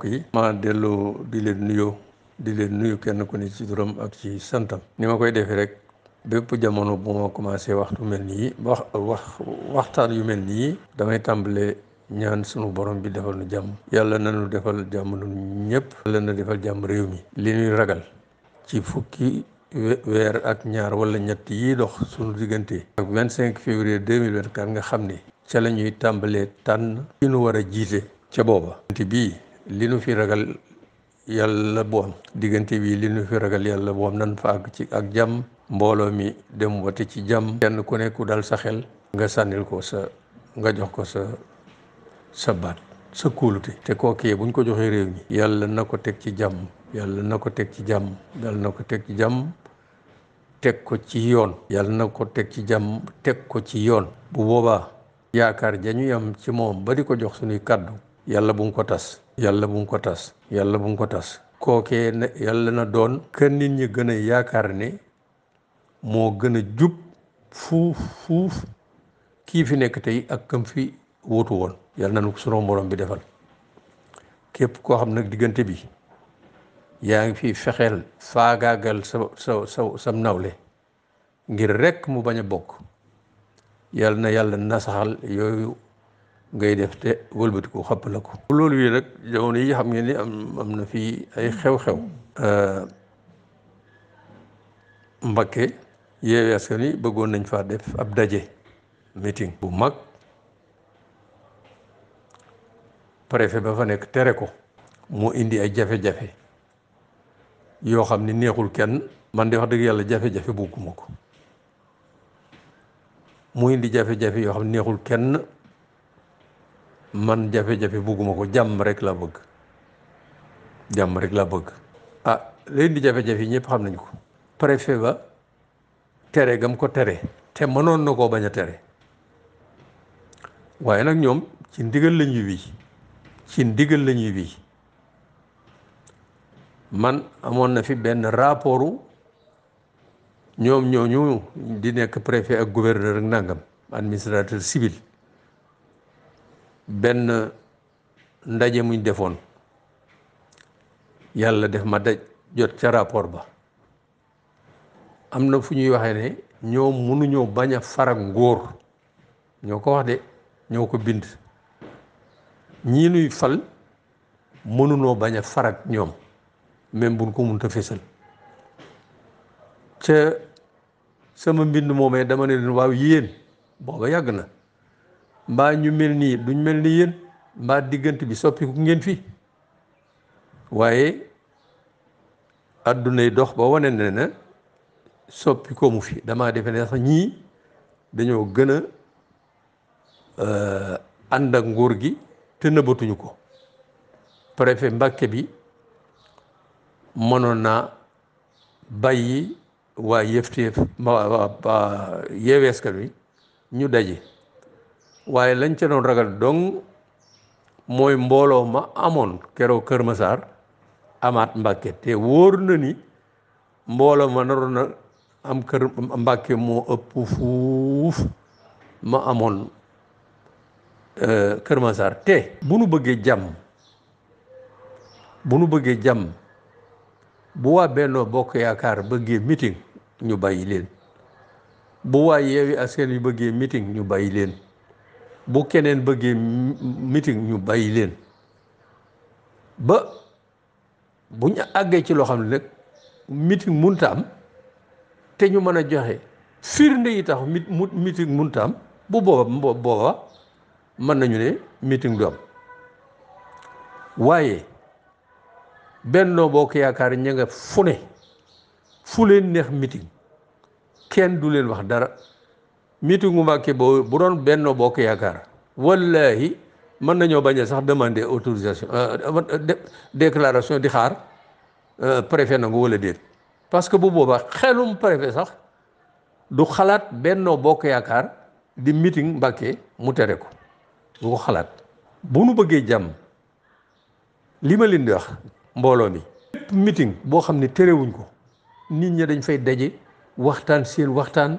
mbokk ma delloo di leen nuyoo di leen nuyu kenn ku ne ci turam ak ci santam ni ma koy defee rek bépp jamono bu ma commencé waxtu mel nii wax wax waxtaan yu mel nii damay tàmbale ñaan sunu borom bi defal nu jàmm yàlla na nu defal jàmm nu ñëpp yàlla defal jàmm réew mi li ñuy ragal ci fukki weer ak ñaar wala ñett yi dox sunu diggante ak vingt cinq février deux mille nga xam ni ca la ñuy tàmbalee tànn ci nu war a jiite ca booba bii li nu fi ragal yàlla bu diggante bi li nu fi ragal yàlla bu nan fa àgg ci ak jàmm mbooloo mi dem wote ci jàmm kenn ku nekku dal sa xel nga sànnil ko sa nga jox ko sa sa baat sa kóolute te kookee buñ ko joxee réew mi yàlla na ko teg ci jàmm yàlla na ko teg ci jàmm yàlla na ko teg jàmm teg ko ci yoon yàlla na ko teg ci jàmm teg ko ci yoon bu boobaa yaakaar jañu yam ci moom ba di ko jox suñuy kàddu yàlla bu nga ko tas yàlla bu nga ko tas yàlla bu nga ko tas kookee na yàlla na doon que nit ñi gën a yaakaar ne moo gën a jub fuuf fuuf kii fi nekk tey ak këm fi wóotu woon yàlla nañu ko sunu borom bi defal képp koo xam nag diggante bi yaa ngi fi fexeel faagaagal sa sa sa sam nawle ngir rekk mu bañ a bokk yàlla na yàlla nasaxal yooyu ngay def te wëlbatiku xapp la ko loolu yi nag jamono yi xam ngeen ni am am na fii ay xew-xew Mbakke Yewwi Askan Wi bëggoon nañ faa def ab daje meeting bu mag préfet ba fa nekk tere ko moo indi ay jafe-jafe yoo xam ni neexul kenn man de wax dëgg yàlla jafe-jafe bugguma ko mu indi jafe-jafe yoo xam ne neexul kenn man jafe-jafe bugguma ko jàmm rek la bëgg jàmm rek la bëgg ah leen di jafe-jafe yi ñëpp xam nañ ko préfet ba tere gam ko tere te mënoon na koo bañ a tere waaye nag ñoom ci ndigal la ñuy ci ndigal la bi man amoon na fi benn rapportu ñoom ñooñu di nekk préfet ak gouverneur ak nangam administrateur civil benn ndaje muñ defoon yàlla def ma daj jot ca rapport ba am na fu ñuy waxee ne ñoom mënuñoo bañ a farak ngóor ñoo ko wax de ñoo ko bind ñii nuy fal mënunoo bañ a farak ñoom même buñ ko mënta fésal ca sama mbind moomee dama ne leen waaw yéen booba yàgg na mbaa ñu mel nii duñ mel ni yéen mbaa diggante bi soppiku ngeen fii waaye yi dox ba wane ne na soppi ko mu fi damaa defe ne sax ñii dañoo gën a euh, ànd ak nguur gi te nëbbatuñu ko préfet mbakke bi mënoon naa bàyyi waa yëfteef ma waa yeewee ñu daje waaye lañ ca doon ragal dong mooy mbooloo ma amoon keroog Kër Masaar amaat Mbàkke te wóor na ni mbooloo ma naroon na am kër Mbàkke moo ëpp fuuf ma amoon eh, Kër Masaar te bu nu bëggee jàmm bu nu bëggee jàmm bu waa Bennoo Bokk Yaakaar bëggee meeting ñu bàyyi leen bu waa Yewwi Askan Wi bëggee meeting ñu bàyyi leen bu keneen bëggee meeting ñu bàyyi leen ba bu ñu àggee ci loo xam ne nag meeting munta am te ñu mën a joxe firnde yi tax meeting munta am bu booba booba mën nañu ne meeting du am waaye Benno Bokk Yaakaar ña nga fu ne fu leen neex meeting kenn du leen wax dara meeting bu Mbàkke boo bu doon Benno Bokk Yaakaar wallahi mën nañoo bañ a sax demander autorisation euh, déclaration di xaar euh, préfet nangu wala déet parce que bu boobaa xelum préfet sax du xalaat Benno Bokk Yaakaar di meeting Mbàkke mu tere ko du ko xalaat bu nu bëggee jàmm li ma leen di wax mbooloo mi lépp boo xam ne terewuñ ko nit ñi dañ fay daje waxtaan seen waxtaan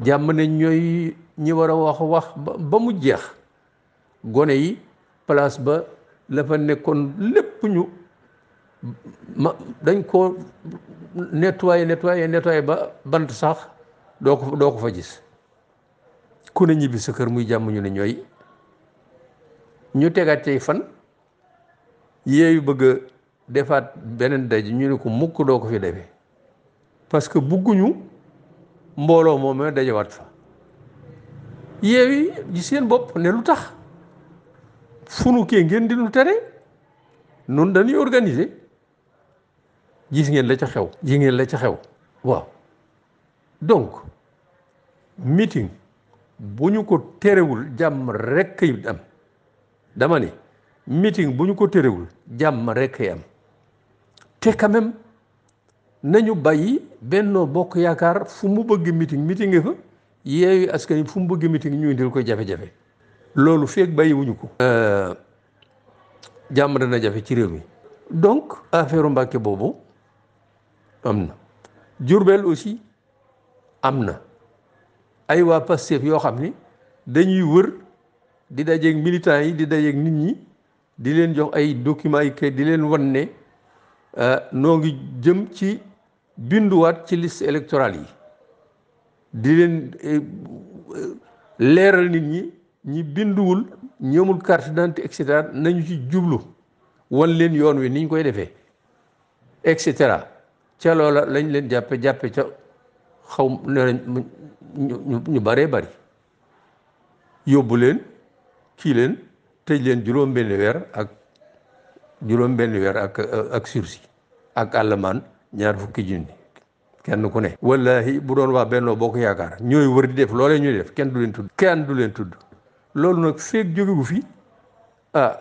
jàmm ne ñooy ñi war a wax wax ba mu jeex gone yi place ba la fa nekkoon lépp ñu ma dañ ko nettoyé nettoyé ba bant sax doo ko doo ko fa gis ku ne ñibbi sa kër muy jàmm ñu ne ñooy ñu tegaat cay fan yéeyu bëgg a defaat beneen daj ñu ne ko mukk doo ko fi defee parce bugguñu mbooloo moom dajawaat fa yeewi ji seen bopp ne lu tax sunu kee ngeen di tere nun dañuy organiser jis ngeen la ca xew ji ngeen la ca xew waaw donc meeting bu ñu ko terewul jàmm rekk kay am dama ne meeting bu ñu ko terewul jàmm rekk kay am te quand nañu bàyyi Bennoo Bokk Yaakaar fu mu bëgg meeting meeting fa yeeyu askan wi fu mu bëgg meeting ñu indil ko jafe-jafe loolu feeg bàyyiwuñu ko. Euh, jàmm dana jafe ci réew mi. donc affaire Mbàkke boobu am na Jurbel aussi am na ay waa Pastef yoo xam ni dañuy wër di dajeeg militants yi di dajeeg nit ñi di leen jox ay documents yi kay di leen wan ne euh, noo ngi jëm ci. binduwaat ci liste électorale yi di leen eh, leeral nit ñi ñi binduwul ñoomul carte d'identité et cetera nañu ci jublu wan leen yoon wi niñ koy defee et cetera ca loola lañ leen jàppe jàppe ca xaw ñu bëree bari yóbbu leen kii leen tëj leen juróom benn weer ak juróom benn weer ak ak ak àllamaan ñaar fukki junni kenn ku ne wallahi bu doon waa bennoo boo yaakaar ñooy wër di def loolee ñuy def kenn du leen tudd kenn du leen tudd loolu nag feeg jóge gu fi ah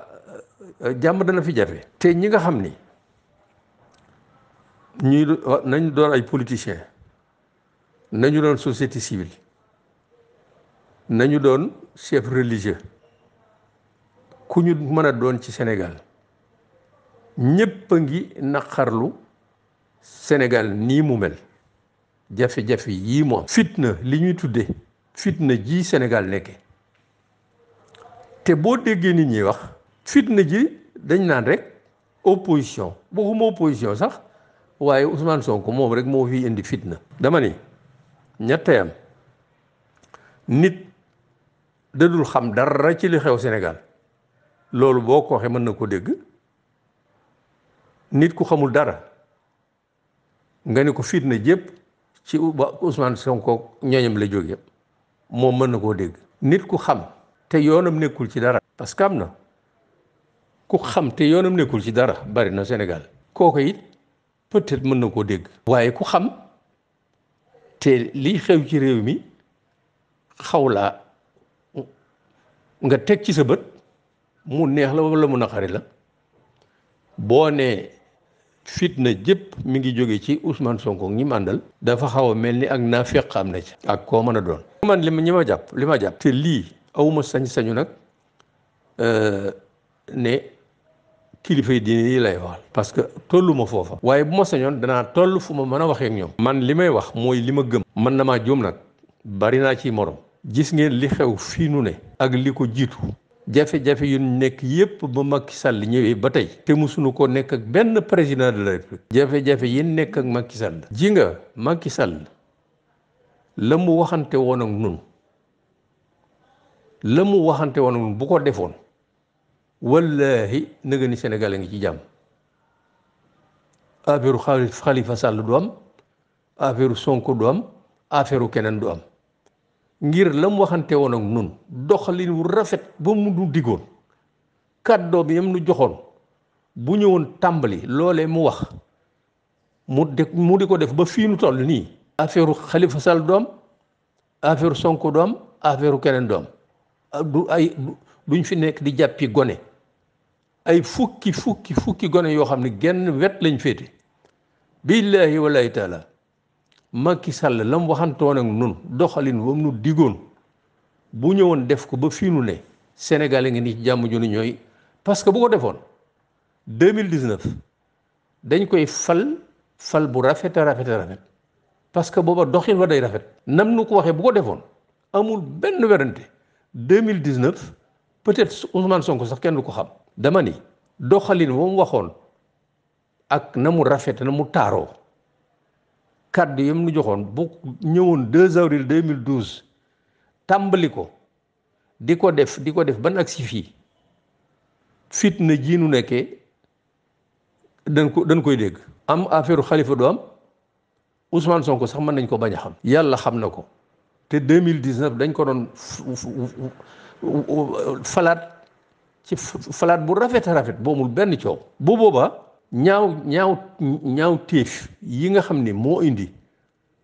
jàmm dana fi jafe te ñi nga xam ni ñuy ah, nañ doon ay politiciens nañu doon société civile nañu doon chef religieux ku ñu mën a doon ci Sénégal ñépp a ngi naqarlu Sénégal nii mu mel jafe-jafe yii moom fitna li ñuy tuddee fitna ji Sénégal nekke te boo déggee nit ñi wax fitna ji dañ naan rek opposition waxuma opposition sax waaye Ousmane Sonko moom rek moo fi indi fitna dama ni ñetteyam nit dadul xam dara ci li xew Sénégal loolu boo ko mën na ko dégg nit ku xamul dara nga ne ko fitna jëpp ci uba Ousmane Sonko ñooñam la jóge moom mën na koo dégg nit ku xam te yoonam nekkul ci dara parce que am na ku xam te yoonam nekkul ci dara bari na Sénégal kooku it peut-être mën na koo dégg waaye ku xam te lii xew ci réew mi xaw laa nga teg ci sa bët mu neex la wala mu naqari la boo nee fit na jëpp mi ngi jóge ci Ousmane Sonko ñi màndal dafa xaw a mel ni ak naa naafeq am na ci ak koo mën a doon man li ma ñi ma jàpp li ma jàpp te lii awuma sañ-sañu nag euh, ne kilifa yi diine yi lay wax parce que tollu ma foofa waaye bu ma sañoon danaa toll fu ma mën a waxeek ñoom man li may wax mooy li ma gëm man na maa jóom nag bari naa ci moroom gis ngeen li xew fii nu ne ak li ko jiitu jafe-jafe yu nekk yépp ba Macky Sall ñëwee ba tey te musuñu ko nekk ak benn président de la république jafe-jafe yi nekk ak makki Sall ji nga Macky Sall la mu waxante woon ak nun la mu waxante woon ak nun bu ko defoon wallahi na nga ngi ci jàmm affaire xalifa Sall du am affaire Sonko du am affaire keneen du am ngir lam waxante woon ak nun doxalin rafet ba mu nu diggoon kàddoo bi yam nu joxoon bu ñëwoon tàmbali loole mu wax mu de mu di ko def ba fii nu toll nii affaire Khalifa sal doom affaire Sonko doom affaire keneen doom du ay duñ fi nekk di jàppi gone ay fukki fukki fukki gone yoo xam ne genn wet lañ féete billaahi walaahi taala ki Sall la mu waxantoon ak nun doxalin wam mu digoon bu ñëwoon def ko ba fii nu ne Sénégal ngi ni jàmm ju nu ñooy parce que bu ko defoon 2019 dañ koy fal fal bu rafet rafeta rafet a rafet parce que booba doxin wa day rafet. nam nu ko waxee bu ko defoon amul benn werante 2019 peut-être Ousmane Sonko sax kenn du ko xam. dama ni doxalin wa mu waxoon ak na mu rafet na mu taaroo. kàddu yam nu joxoon bu ñëwoon 2 mille 2012 tàmbali ko di ko def di ko def ba nag si fii fitna ji nu nekkee dañ ko dañ koy dégg am affaire xalifa du am Ousmane Sonko sax mën nañ ko bañ a xam yàlla xam na ko te mille 2019 dañ ko doon falaat ci falaat bu rafet rafet boomul benn coow bu boobaa ñaaw ñaaw ñaaw téef yi nga xam ne moo indi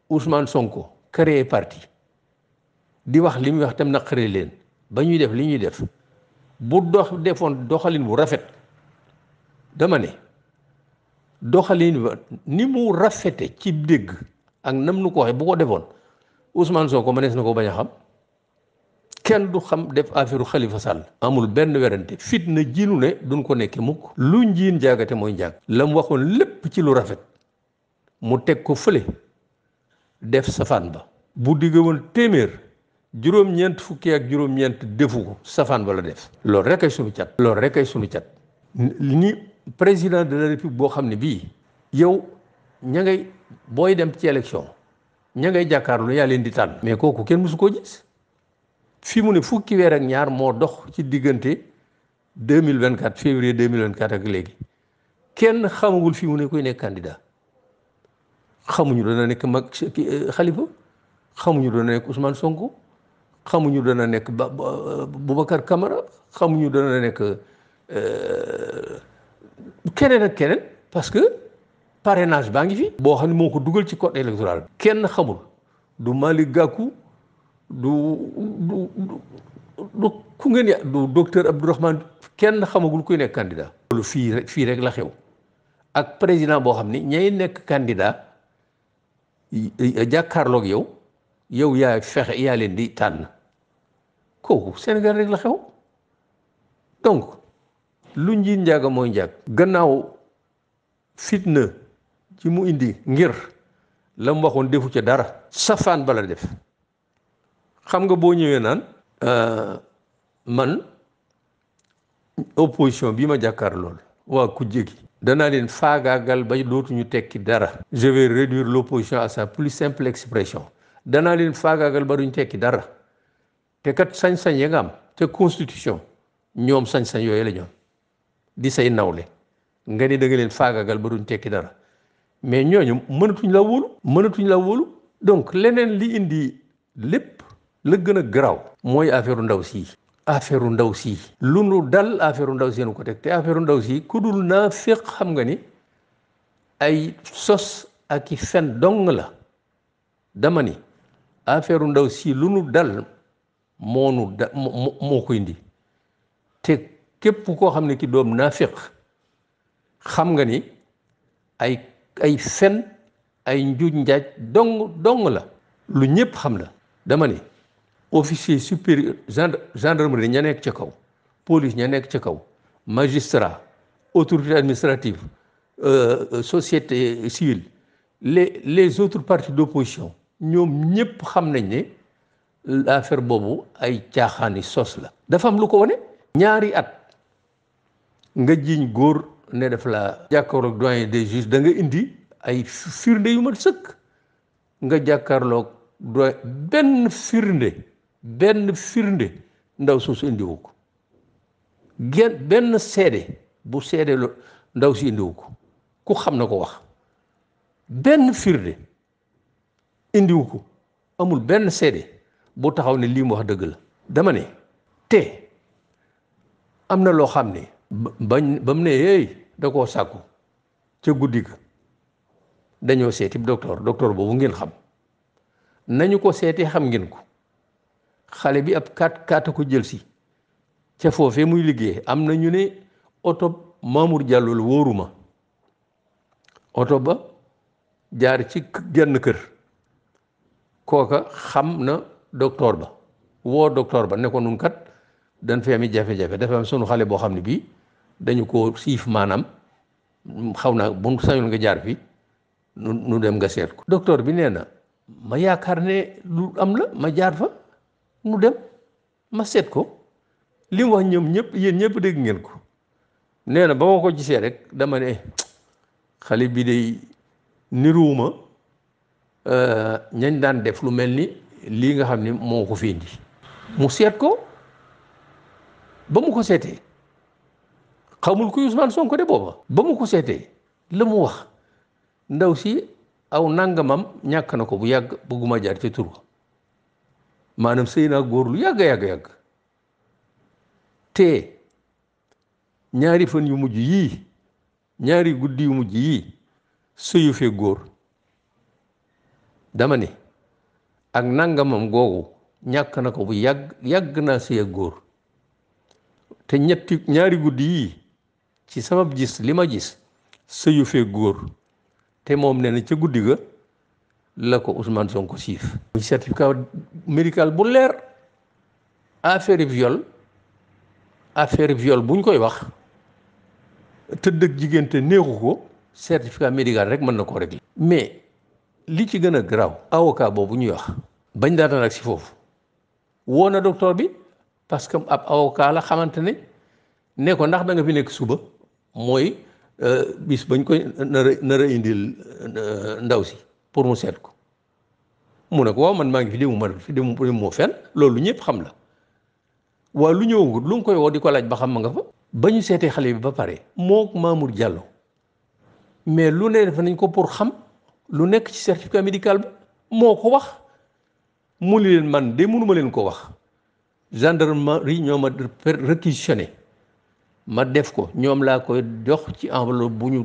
Ousmane Sonko créé parti di wax li muy wax tam naqaree leen ba ñuy def li ñuy def bu dox defoon doxalin bu rafet dama ne doxalin ba ni mu rafete ci dégg ak nam nu ko waxe bu ko defoon Ousmane Sonko mënees na ko bañ a xam kenn du xam def affaire xalifa Sall amul benn werante fit na jiinu ne duñ ko nekke mukk lu njiin jaagate mooy njaag la mu waxoon lépp ci lu rafet mu teg ko fële def safaan ba bu digge woon téeméer juróom-ñeent fukki ak juróom-ñeent defu ko safaan ba la def loolu rek ay sunu cat lool rek ay sunu cat ni président de la république boo xam ne bii yow ña ngay booy dem ci élection ña ngay jàkkaarloo yaa leen di tànn mais kooku kenn mësu koo gis fi mu ne fukki weer ak ñaar moo dox ci diggante deux mille vingt quatre février deux mille vingt quatre ak léegi kenn xamagul fi mu ne kuy nekk candidat xamuñu dana nekk mag xalifa euh, xamuñu dana nekk Ousmane Sonko xamuñu dana nekk ba Boubacar xamuñu dana nekk euh, keneen ak keneen parce que parrainage baa ngi fi. boo xam ne moo ko dugal ci code électoral. kenn xamul du mali Gakou. du du du ku ngeen ya du docteur Abdourahmane kenn xamagul kuy nekk candidat loolu fii rek fii rek la xew ak président boo xam ni ñay nekk candidat jàkkaarloog yow yow yaa fexe yaa leen di tànn kooku Sénégal rek la xew donc lu njiit njaaga mooy njaag gannaaw fitna ci mu indi ngir la mu waxoon defu ca dara safaan bala def xam nga boo ñëwee naan euh, man opposition bii ma jàkkaar lool waa ku jégi danaa leen faagaagal ba lootuñu tekki dara je vais réduire l'opposition à sa plus simple expression danaa leen faagaagal ba duñu tekki dara te kat sañ-sañ ya nga am te constitution ñoom sañ-sañ yooyu la ñoom di say nawle nga ni da leen faagaagal ba duñ tekki dara mais ñooñu mënatuñ la wóolu mënatuñ la wóolu donc leneen li indi lépp la gën a garaaw mooy affaire ndaw sii affaire ndaw sii lu nu dal affaire ndaw sii nu ko ndaw sii ku dul naa xam nga ni ay sos ak i dong la dama ni affaire ndaw sii lu nu dal moo nu moo koy indi te képp koo xam ne ki doom naa féq xam nga ni ay ay fen ay njuuj njaaj dong dong la lu ñépp xam la dama ni officier supérieur gendarmerie ña nekk ci kaw police ña nekk ci kaw magistrat autorité administrative euh, société civile les les autres partis d'opposition ñoom ñëpp xam nañ ne l'affaire boobu ay caaxaani sos la dafa am lu ko wane ñaari at nga jiiñ góor ne def la jàkkaarloog doyen des juges da nga indi ay firnde yu mat sëkk nga jàkkaarloog doyen benn firnde benn firnde ndaw suuf si indiwu ko gen benn seede bu seede lu ndaw si indiwu ko ku xam na ko wax benn firnde indiwu ko amul benn seede bu taxaw ne lii mu wax dëgg la dama te am na loo xam ne bañ ba mu ne hey da koo sàkku ca guddi ga dañoo seeti docteur docteur boobu ngeen xam nañu ko seetee xam ngeen ko xale bi ab kat kaata ko jël si ca foofee muy liggéey am na ñu ne oto Mamour Diallo la wóoruma oto ba jaar ci genn kër kooka xam na docteur ba woo docteur ba ne ko nun kat dañ fee mi jafe-jafe dafa am sunu xale boo xam ne bii dañu ko siif maanaam xaw naa bu sañul nga jaar fi nu nu dem nga seet ko docteur bi nee na ma yaakaar ne lu am la ma jaar fa mu dem ma seet ko li wax ñoom ñépp yéen ñëpp dégg ngeen ko nee na ba ma ko gisee rek dama ne xale bi day niruwuma eh, ñañ daan def lu mel ni lii nga xam ni moo ko fi indi mu seet ko ba mu ko seetee xamul kuy Ousmane ko de booba ba mu ko seetee la mu wax ndaw si aw nangamam ñàkk na ko bu yàgg bëgguma jaar ci tur maanaam sëy naa góor lu yàgg yàgg yàgg te ñaari fan yu mujj yii ñaari guddi yu mujj yii sëyu fee góor dama ne ak nangamam googu ñàkk na ko bu yàgg yàgg naa sëy ak góor te ñetti ñaari guddi yii ci sabab gis li ma gis sëyu fee góor te moom nee na ca guddi ga la ko Ousmane Sonko siif certificat médical bu leer affaire viol affaire viol buñ koy wax tëdd ak jigéen ko certificat médical rek mën na koo régler mais li ci gën a garaaw avocat boobu ñuy wax bañ daatan si foofu woo na docteur bi parce que ab avocat la xamante ne ne ndax da nga fi nekk suba mooy euh, bis bañ koy nar a nar a indil euh, ndaw si pour mu seet ko ko man ngi fi ma fi demu fenn loolu ñëpp xam la lu nga bi ba Diallo mais lu ne def nañ ko pour xam lu nekk ci certificat médical bi ko wax leen man de mënuma leen ko wax gendarmerie ñoo ma réquisitionné ma def ko ñoom laa koy jox ci enveloppe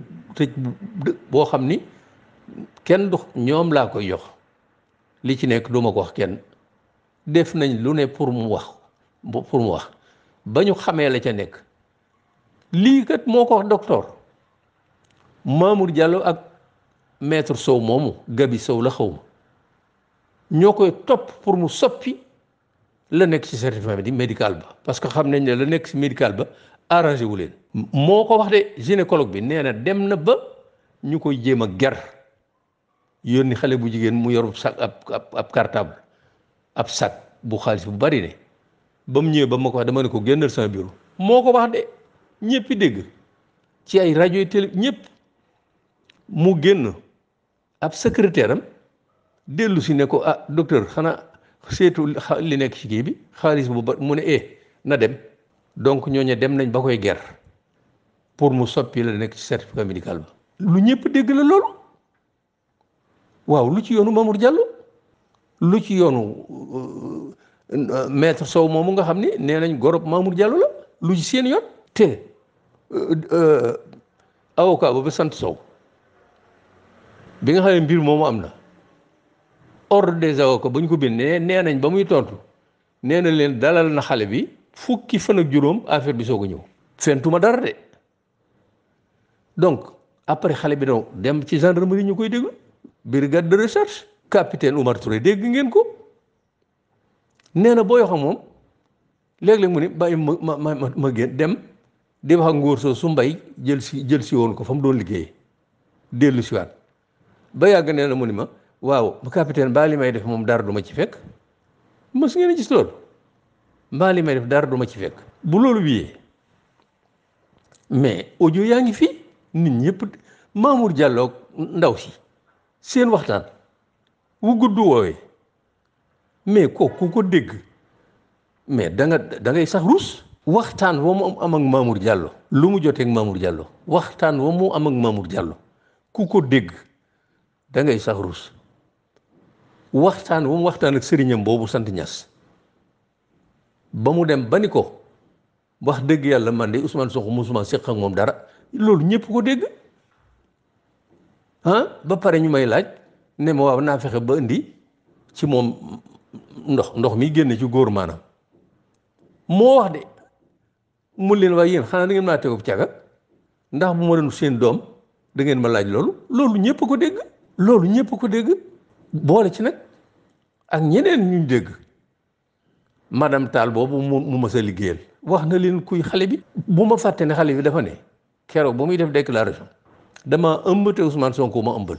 kenn du ñoom laa koy jox li ci nekk duma ko wax kenn def nañ lu ne pour mu wax pour mu wax ba ñu xamee la ca nekk lii kat moo ko wax docteur Mamour Diallo ak maître Sow moomu Gabi Sow la xaw ma ñoo koy topp pour mu soppi la nekk ci certificat di médical ba parce que xam nañ ne la nekk ci médical ba arrangé wu leen. moo ko wax de gynécologue bi nee na dem na ba ñu koy jéem a ger yónni xale bu jigéen mu yor sac ab ab cartable ab sac bu xaalis bu bari ne ba mu ñëwee ba ma ko wax ne ko génnal sama bureau moo ko wax de ñëpp dégg ci ay rajo yi télé ñëpp mu génn ab secrétaire am dellu si ne ko ah docteur xanaa seetu li nekk ci kii bi xaalis bu bari mu ne eh na dem donc ñooñu dem nañ ba koy ger pour mu soppi la nekk ci certificat médical ba lu ñëpp dégg la loolu. waaw lu ci yoonu Mamour Diallo lu ci yoonu euh, maître Sow moomu nga xam ni nee nañ gorob Mamour Diallo la lu ci seen yoon te euh, euh, avocat boobu sant Sow bi nga xam ne mbir moomu am na ordre des avocats ba ñu ko bindee nee nañ ba muy tontu nee na leen dalal na xale bi fukki fan ak juróom affaire bi soog a ñëw. fentuma dara de donc après xale bi donc dem ci gendarmerie ñu koy déglu. brigade de recherche capitaine Oumar Touré dégg ngeen ko nee na boo yoo xam moom léeg-léeg mu ne bàyyi ma ma ma ma génn dem di wax ak soo su mbay jël si jël si woon ko fa mu doon liggéeyee dellu si ba yàgg nee na mu ni ma waaw capitaine baa li may def moom dara du ma ci fekk mës ngeen a gis loolu baa li may def dara du ma ci fekk. bu loolu wiyee mais audio yaa ngi fi nit ñëpp Mamour Diallo ndaw si. seen waxtaan wu gudd woowee mais kooku ku ko dégg mais da nga da ngay sax ruus waxtaan wa mu am ak Mamour Diallo lu mu jotee ak Mamour Diallo waxtaan wa mu am ak Mamour Diallo ku ko dégg da ngay sax ruus waxtaan wa mu waxtaan ak sëriñam boobu sant ñas ba mu dem ba ni ko wax dëgg yàlla man de Ousmane Sonko musuma séq ak moom dara loolu ñëpp ko dégg ah ba pare ñu may laaj ne waaw naa fexe ba indi ci moom ndox ndox mi génn ci góor maanaam moo wax de mun leen waaye yéen xanaa da ngeen maa tegub caga ndax mu ma doon seen doom da ngeen ma laaj loolu loolu ñëpp ko dégg loolu ñëpp ko dégg boole ci nag ak ñeneen ñu dégg madame taal boobu mu mu mës a liggéeyal wax na leen kuy xale bi bu ma fàtte ne xale bi dafa ne keroog ba muy def déclaration dama ëmb te Ousmane Sonko ma ëmbal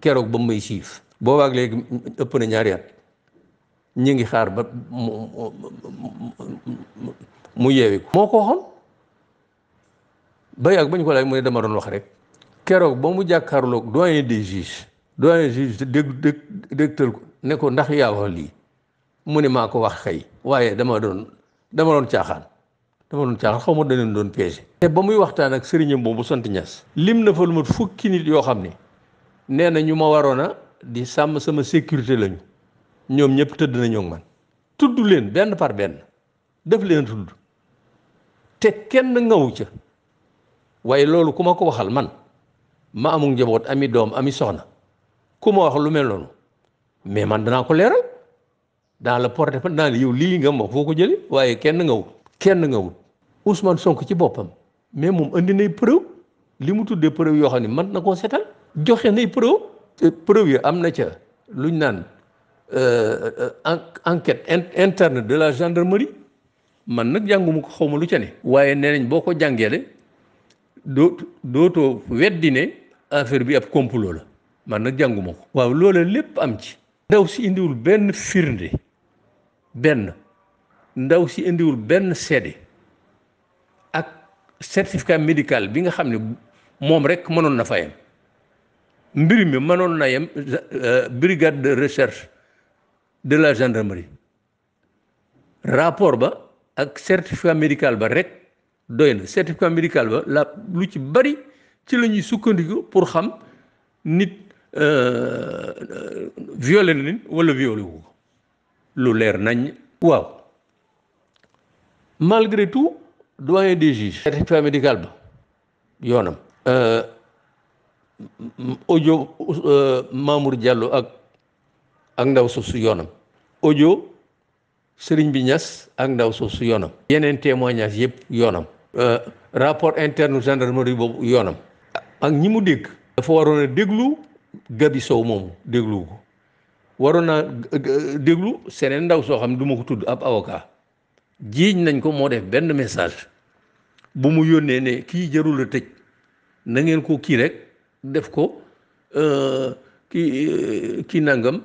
keroog ba muy siif boo boobaak léegi ëpp na ñaari at ñu ngi xaar ba mu mu yeewi ko moo ko waxoon ba ak bañ ko laaj mu ne dama doon wax rek keroog ba mu jàkkaarloog doyen des juges doyen des juges dégg dégg dégtal ko ne ko ndax yaa wax lii mu ne maa ko wax xëy waaye dama doon dama doon caaxaan dafa doon caaxaan xaw da leen doon piégé te ba muy waxtaan ak sëriñam boobu sant ñas lim na fa lu mat fukki nit yoo xam ne nee na ñu ma waroon a di sàmm sama sécurité lañu ñoom ñëpp tëdd nañoo man tudd leen benn par benn def leen tudd te kenn ngawu ca waaye loolu ku ma ko waxal man ma amul njaboot ami doom ami soxna ku ma wax lu mel noonu mais man danaa ko leeral dans le porte danaa yow lii nga ma foo ko jëlee waaye kenn ngawut kenn ngawut Ousmane sonk ci boppam mais moom andi nay preuve li mu tuddee preuve yoo xam ne mën na koo setal joxe nay preuve preuve yi am na ca luñ naan euh, enquête internet de la gendarmerie man nag jànguma ko ma lu ca ne waaye nee nañ boo ko jàngeele doo dootoo weddi ne affaire bi ab complot la man na jànguma ko waaw loola lépp am ci ndaw si indiwul benn firnde benn ndaw si indiwul benn seede certificat médical bi nga xam ne moom rek mënoon na fa yem mbir mi mënoon na yem euh, brigade de recherche de la gendarmerie rapport ba ak certificat médical ba rek doy na certificat médical ba la lu ci bari ci la ñuy sukkandiku pour xam nit euh, euh, violé na nit wala violé ko lu leer nañ waaw doyen des juges. certificat médical ba yoonam. Euh, audio euh, Mamour Diallo ak ak ndaw su yoonam. audio sëriñ bi ñas ak ndaw soosu yoonam. yeneen témoignage yëpp yoonam. Euh, rapport interne gendarmerie boobu yoonam. ak ñi mu dégg. dafa waroon a déglu Gabi Sow moomu déglu ko waroon a déglu seneen ndaw soo xam ne du ma ko tudd ab avocat jiiñ nañ ko moo def benn message. bu mu yónnee ne kii jarul a tëj na ngeen ko kii rek def ko euh, kii euh, kii nangam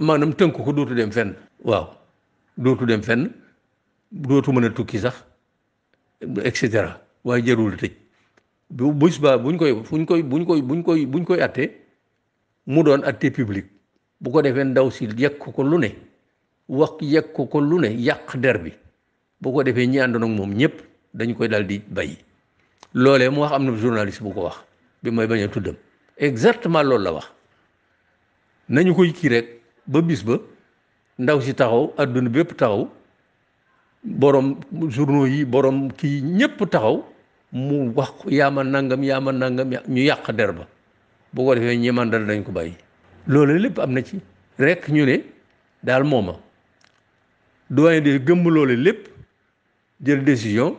maanaam tënk ko dootu dem fenn waaw dootu dem fenn dootu mën a tukki sax et cetera waaye jarul a tëj bu bés ba buñ koy buñ koy buñ koy buñ koy buñ koy atte mu doon atte public bu ko defee ndaw si yekk ko lu ne wax yekk ko lu ne yàq der bi bu ko defee ñi àndoon ak moom ñëpp dañu koy dal di bay loole mu wax am na journaliste bu ko wax bi mooy bañ a tuddam exactement loolu la wax nañu koy kii rek ba bis ba ndaw si taxaw adduna bépp taxaw borom journaux yi borom kii ñépp taxaw mu wax ko yaama nangam yaama nangam ñu yàq der ba bu ko defee ñi dañ ko bàyyi loolu lépp am na ci rek ñu ne daal mooma doyen de gëmm loolu lépp jël décision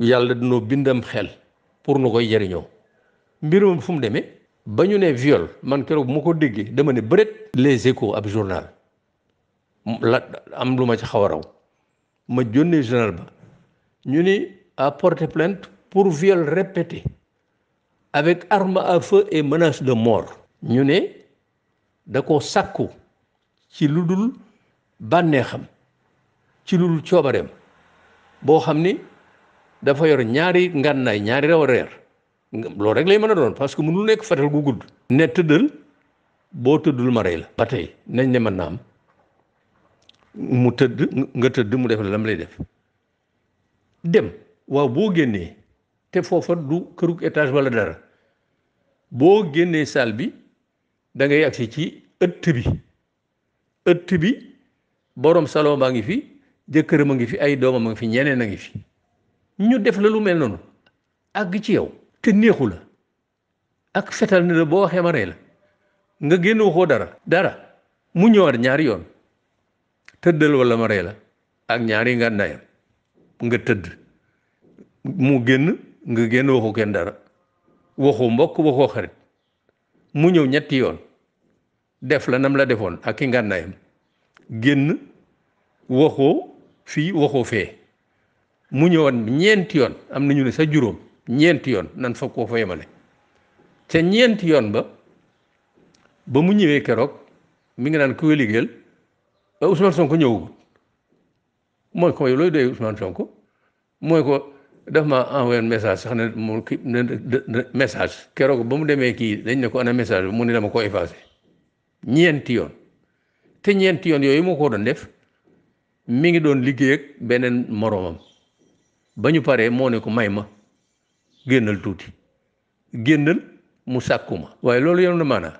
yàlla dinoo bindam xel pour nu koy jëriñoo mbir moom fu mu demee ba ñu ne viole man keroog mu ko déggee dama ne bëreet les échos ab journal la am lu ma ci xaw a raw ma jónnee journal ba ñu ni à porter plainte pour viol répété avec arme à feu et menace de mort ñu ne da ko sakku ci lu dul bànneexam ci lu dul coobareem boo xam ni dafa yor ñaari ngànnaay ñaari rew loolu rek lay mën a doon parce que mënul nekk fetal gu gudd ne tëddal boo tëddul ma rey la ba tey nañ ne mën naa am mu tëdd nga tëdd mu def la lam lay def dem waaw boo génnee te foofa du kërug étage wala dara boo génnee salle bi dangay ngay agsi ci ëtt bi ëtt bi borom saloo baa ngi fi jëkkëram ma ngi fi ay doomam a ngi fi ñeneen a ngi fi ñu def la lu mel noonu àgg ci yow te neexu la ak fetal ne la boo waxee maree la nga génn waxoo dara dara mu ñëwaat ñaari yoon tëddal wala ma la ak ñaari ngànnaayam nga tëdd mu génn nga génn waxu kenn dara waxu mbokk waxoo xarit mu ñëw ñetti yoon def la nam la defoon ak i ngànnaayam génn waxoo fii waxoo fee mu ñëwoon ñeenti yoon am na ne sa juróom ñeenti yoon nan fa koo fa yemale ca ñeenti yoon ba ba mu ñëwee keroog mu ngi naan ku koy liggéeyal eh, Ousmane Sonko mooy ko looy doy mooy ko daf ma envoyé message sax ne mu keroog ba mu demee kii dañ ne ko ana message mu ne dama koo effacé ñeenti yoon te ñeenti yoon yooyu moo ko doon def mi ngi doon liggéeyak beneen moroomam. ba ñu paree moo ne ko may ma génnal tuuti génnal mu sàkku ma waaye loolu yoon na maanaa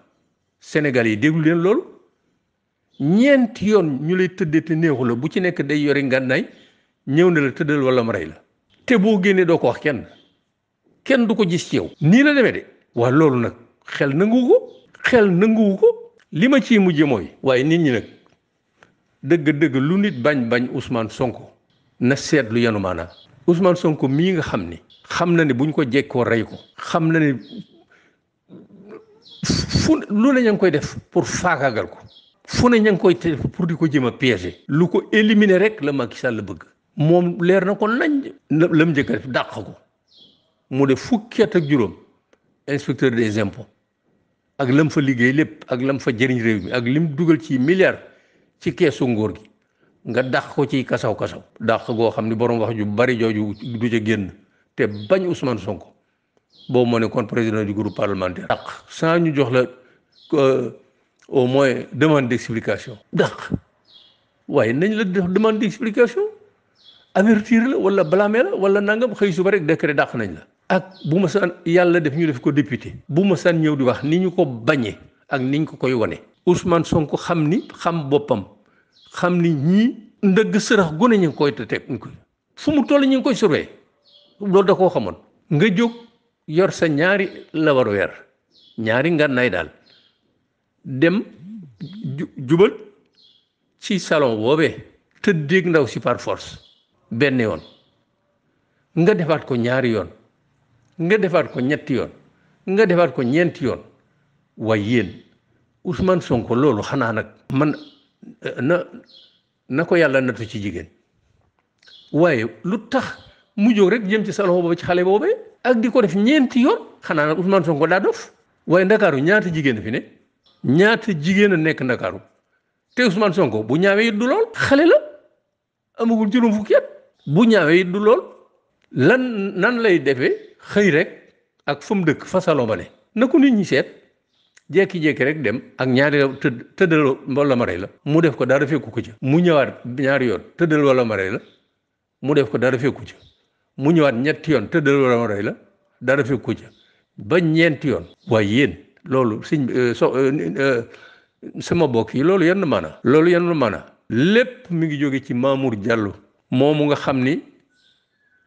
Sénégal yi déglu leen loolu ñeenti yoon ñu lay tëddee te néexu la bu ci nekk day yori ngànnaay ñëw na la tëddal wala ma rey la te boo génnee doo ko wax kenn kenn du ko jis ci yow nii la demee de waa loolu nag xel nanguwu ko xel nanguwu ko li ma ciy mujje mooy waaye nit ñi nag dëgg dëgg lu nit bañ bañ usmaan Sonko na seetlu yanu maanaa Ousmane Sonko mii nga xam ni xam na ne buñ ko jekkoo rey ko xam na ne fu lu ne ña ngi koy def pour faagaagal ko fu ne ña ngi koy def pour di ko jëm a piéger lu ko éliminer rek la Macky Sall la bëgg moom leer na ko nañ la mu njëkk a dàq ko mu def fukki at ak juróom inspecteur des impôts ak lam fa liggéey lépp ak lam fa jëriñ réew mi ak li mu dugal ci milliards ci keesu ngóor gi nga dàq ko ci kasaw kasaw dàq goo xam ni borom wax ju bari jooju du ca génn te bañ Ousmane Sonko boobu moo ne kon président du groupe parlementaire. dàq sans ñu jox la euh, au moins demande d'explication. dàq waaye nañ la def demande explication avertir la wala blâmer la wala nangam xëy suba rek de dàq nañ la. ak bu ma san yàlla def ñu def ko député. bu ma san ñëw di wax ni ñu ko bañee ak niñ ko koy wane. Ousmane sonk xam ni xam boppam. xam ni ñii ndëgg sërax gune ñu ngi koy teg fu mu toll ñu ngi koy surveiller loolu da koo xamoon nga jóg yor sa ñaari lawaru weer ñaari ngànnaay daal dem jubal si salon boobee tëddeeg ndaw si par force benn yoon nga defaat ko ñaari yoon nga defaat ko ñetti yoon nga defaat ko ñeenti yoon waaye yéen Ousmane Sonko loolu xanaa nag man. na na ko yàlla natu ci jigéen waaye lu tax mu jóg rek jëm ci sa loxo boobu ci xale boobee ak di ko def ñeenti yoon xanaa nag Ousmane Sonko daa dof waaye ndakaaru ñaata jigéen fi ne ñaata jigéen a nekk ndakaaru te Ousmane Sonko bu ñaawee it du lool xale la amagul juróom fukki at bu ñaawee it du lool lan nan lay defe xëy rek ak fa mu dëkk fa salon ba ne na ko nit ñi seet jékki-jékki rek dem ak ñaari tëdd tëddal wala ma rey la mu def ko dara fekku ko ca mu ñëwaat ñaari yoon tëddal wala ma la mu def ko dara fekku ca mu ñëwaat ñetti yoon tëddal wala ma rey la dara fekku ko ca ba ñeenti yoon waaye yéen loolu siñ euh, so euh, euh, sama yi loolu yenn maana loolu yenn maana lépp mu ngi jóge ci Mamour Diallo moomu nga xam ni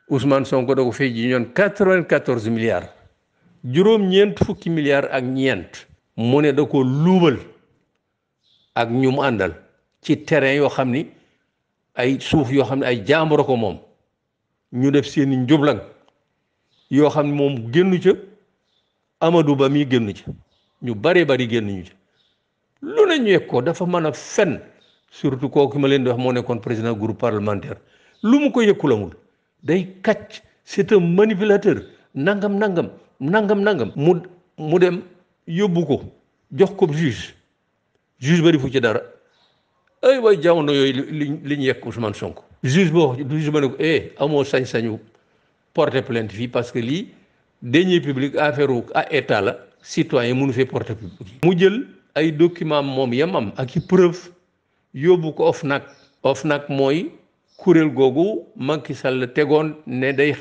Ousmane Sonko da ko fay ji ñoon quatre-vingt-quatorze milliards juróom-ñeent fukki milliards ak ñeent mu ne da ko luubal ak ñu mu àndal ci terrain yoo xam ni ay suuf yoo xam ne ay jaambur ko moom ñu def seeni njublan yoo xam ne moom génnu ca Amadou Ba mii génnu ci ñu bare bari génnuñu ca lu ne ñu yegg ko dafa mën a fen surtout kooku ma leen di wax moo nekkoon président groupe parlementaire lu mu ko yëkkul day kàcc c'est un manipulateur nangam nangam nangam nangam mu mu dem yóbbu ko jox ko juge juge bari ci dara ay way jamono liñ yekk Ousmane Sonko juge boo juge eh sañ-sañu porter plainte fii parce que lii qui public état la citoyen mënu fee porter mu jël ay document moom yam am ak preuve yóbbu ko ne day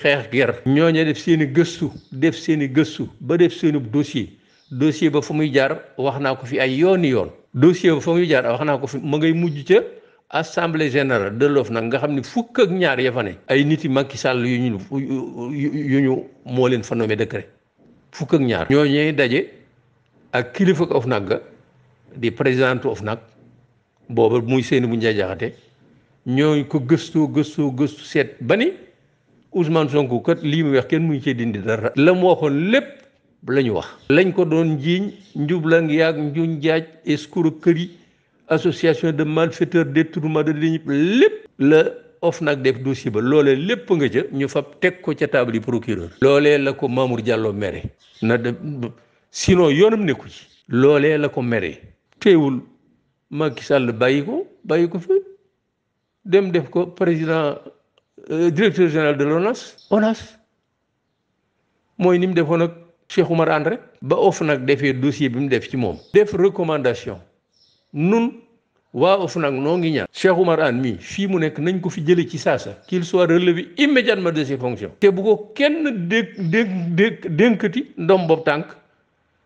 def def dossier dossier ba fa muy jaar wax naa ko fi ay yooni yoon dossier ba fa muy jaar wax naa ko fi mu ngay mujj ca assemblée générale de l'OFNAC nag nga xam ne fukk ak ñaar ya ay nit yi Macky sàll yu ñu yu ñu moo leen fa nommé décret fukk ak ñaar ñoo ñee daje ak kilifa ak OFNAC ga di président OFNAC booba muy seeni bu njaajaxate ñoo ko gëstu gëstu gëstu seet ba ni Ousmane Sonko kat lii mu weex kenn mu ngi cee dindi dara la mu waxoon lépp la ñu wax lañ ko doon jiiñ njublang yaag njuñ jaaj escroquerie association de malfaiteurs détournement de deniers lépp la nag def dossier ba loole lépp a nga ca ñu fab teg ko ca table yi procureur loole la ko Mamour Diallo mere na de sinon yoonam nekku ci loole la ko mere teewul Macky Sall bàyyi ko bàyyi ko fi dem def ko président euh, directeur général de l'ONAS ONAS mooy ni mu defoon Cheikh Oumar André rek ba nak defé dossier qui mu def ci mom def recommandation nun waa OFNAC noo ngi ñaan Cheikh Oumar Anne mi fi mu nek nañ ko fi jël ci qu'il soit relevé immédiatement de ses fonctions té bu ko kenn dé dé dénkati ndom bob tank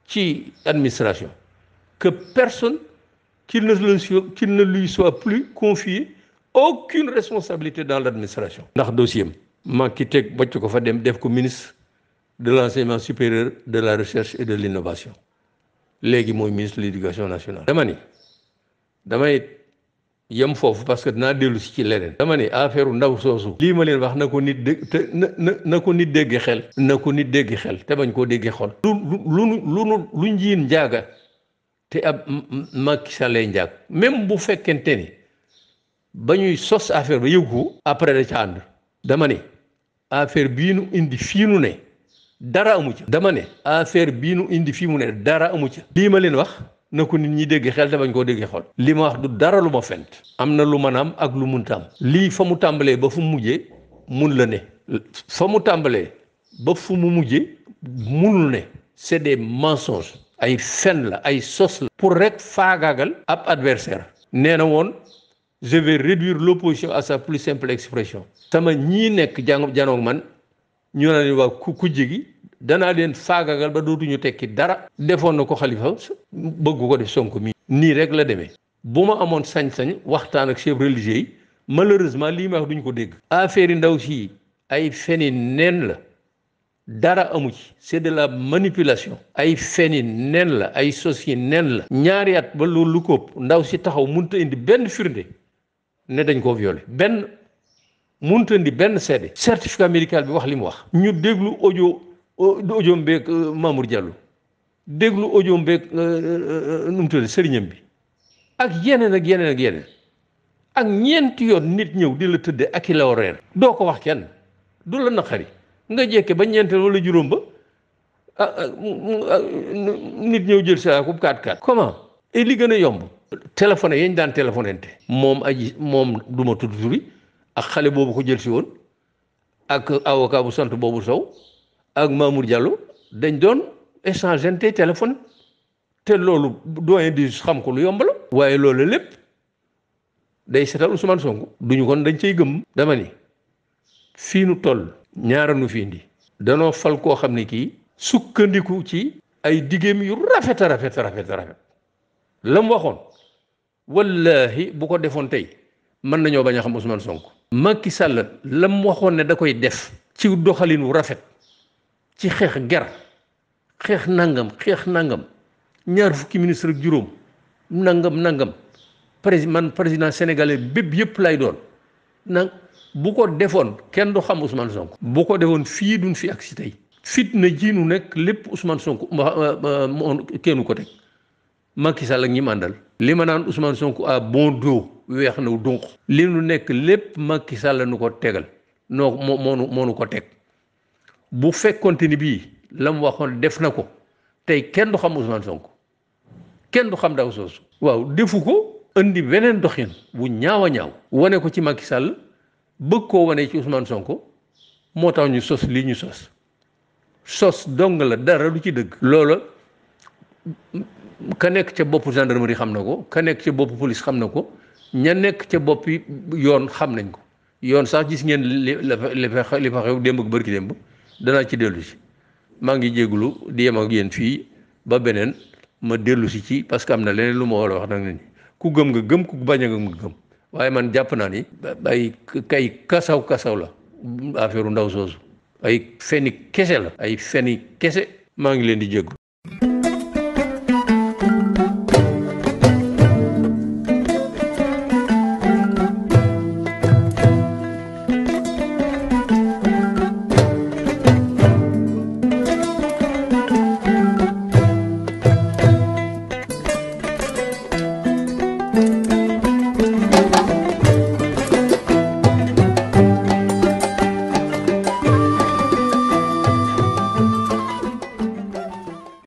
ci administration que personne qu'il ne lui soit plus confié aucune responsabilité dans l'administration ndax dossier je vais ki un bocc ko fa dem ministre de l'enseignement supérieur, de la recherche et de l'innovation Légui moy ministre de l'éducation nationale. dama ni damay yem fofu parce que dina delu si ci leneen. dama ni affaire ndaw soosu. lii ma leen wax na ko nit de te na ko nit dégg xel. na ko nit dégg xel te bañ koo dégg xol. lu lu lu lu lu njiin njaaga te ab Macky Sall lay njaag même bu fekkente ni ba ñuy sos affaire ba yëgu. après da ca ànd dama ni affaire bii nu indi fii nu ne dara amu ci dama ne affaire bi nu indi fi mu ne dara amu ci lii ma leen wax na ko nit ñi dégg xel da bañ ko dégg xol li wax du dara lu ma fent am na lu mën ak lu mun tam lii fa mu tàmbalee ba fu mu mujjee mun la ne fa mu tàmbalee ba fu mu mujjee munul ne c'est des mensonges ay fen la ay sos la pour rek faagaagal ap adversaire nee na je vais réduire l'opposition à sa plus simple expression sama ñii nekk janoog man ñu ne leen ku kujje gi danaa leen faagagal ba dootuñu tekki dara defoon na ko xalifa bëgg ko def Sonko mii nii rek la demee bu ma amoon sañ-sañ waxtaan ak chef religieux yi malheureusement lii ma wax duñu ko dégg affaire yi ndaw si ay feni neen la dara amu ci c'est de la manipulation ay feni neen la ay sos yi neen la ñaariyaat at ba loolu lu ko ndaw si taxaw mënut a indi benn firnde ne dañ koo violé benn mënut indi benn seede certificat médical bi wax li mu wax. ñu déglu audio euh, audio mbeeg euh, Mamour Diallo déglu audio mbeeg euh, nu mu sëriñam bi ak yeneen ak yeneen ak yeneen ak ñeenti yoon nit ñëw di la tëdde ak i law reer doo ko wax kenn du la naqari nga jekke ba ñeenteel wala juróom ba ah, ah, ah, nit ñëw jël sa akub 4-4. comment et li gën a yomb téléphoné yañ daan téléphonante moom aji moom du ma tudd ak xale boobu ko jël si woon ak avocat bu sant boobu Sow ak Mamour Diallo dañ doon échanger tey téléphone te loolu doyen di xam ko lu yomb waaye loolu lépp day setal Ousmane Sonko. duñu kon dañ cey gëm. dama ni fii nu toll. ñaara nu fi indi. danoo fal koo xam ne kii. sukkandiku ci. ay diggéem yu rafet rafet a rafet a waxoon wallaahi bu ko defoon tey mën nañoo bañ a xam Ousmane Sonko. Macky Sall la mu waxoon ne da koy def ci doxalin wu rafet ci xeex ger xeex nangam xeex nangam ñaar fukki ministre ak juróom nangam nangam président man président sénégalais bépp yëpp lay doon nag bu ko defoon kenn du xam Ousmane sonk bu ko defoon fii duñ fi ak tey. fit na jiinu nekk lépp Ousmane Sonko moom kennu ko teg Macky Sall màndal li ma naan Ousmane sonk a bon dos. weex na dunq li nu nekk lépp makki Sall nu ko tegal noo moo moonu moonu ko teg bu fekkonte ni bii la mu waxoon def na ko tey kenn du xam Ousmane sonk kenn du xam daw soosu waaw defu ko indi beneen doxin bu ñaaw a ñaaw wane ko ci makki sàll bëgg koo wane ci Ousmane Sonko moo tax ñu sos lii ñu sos sos dong la dara du ci dëgg loola ka nekk ca bopp gendarmerie xam na ko ka nekk ca boppu police xam na ko ña nekk ca boppi yoon xam nañ ko yoon sax gis ngeen li li fa li fa xew démb ak bërki démb danaa ci dellu si maa ngi jéglu di yem ak yéen fii ba beneen ma dellu si ci parce que am na leneen lu ma war a wax nag nit ku gëm nga gëm ku bañ a nga gëm waaye man jàpp naa ni ay kay kasaw kasaw la affaire ndaw soosu ay feni kese la ay feni kese maa ngi leen di jéglu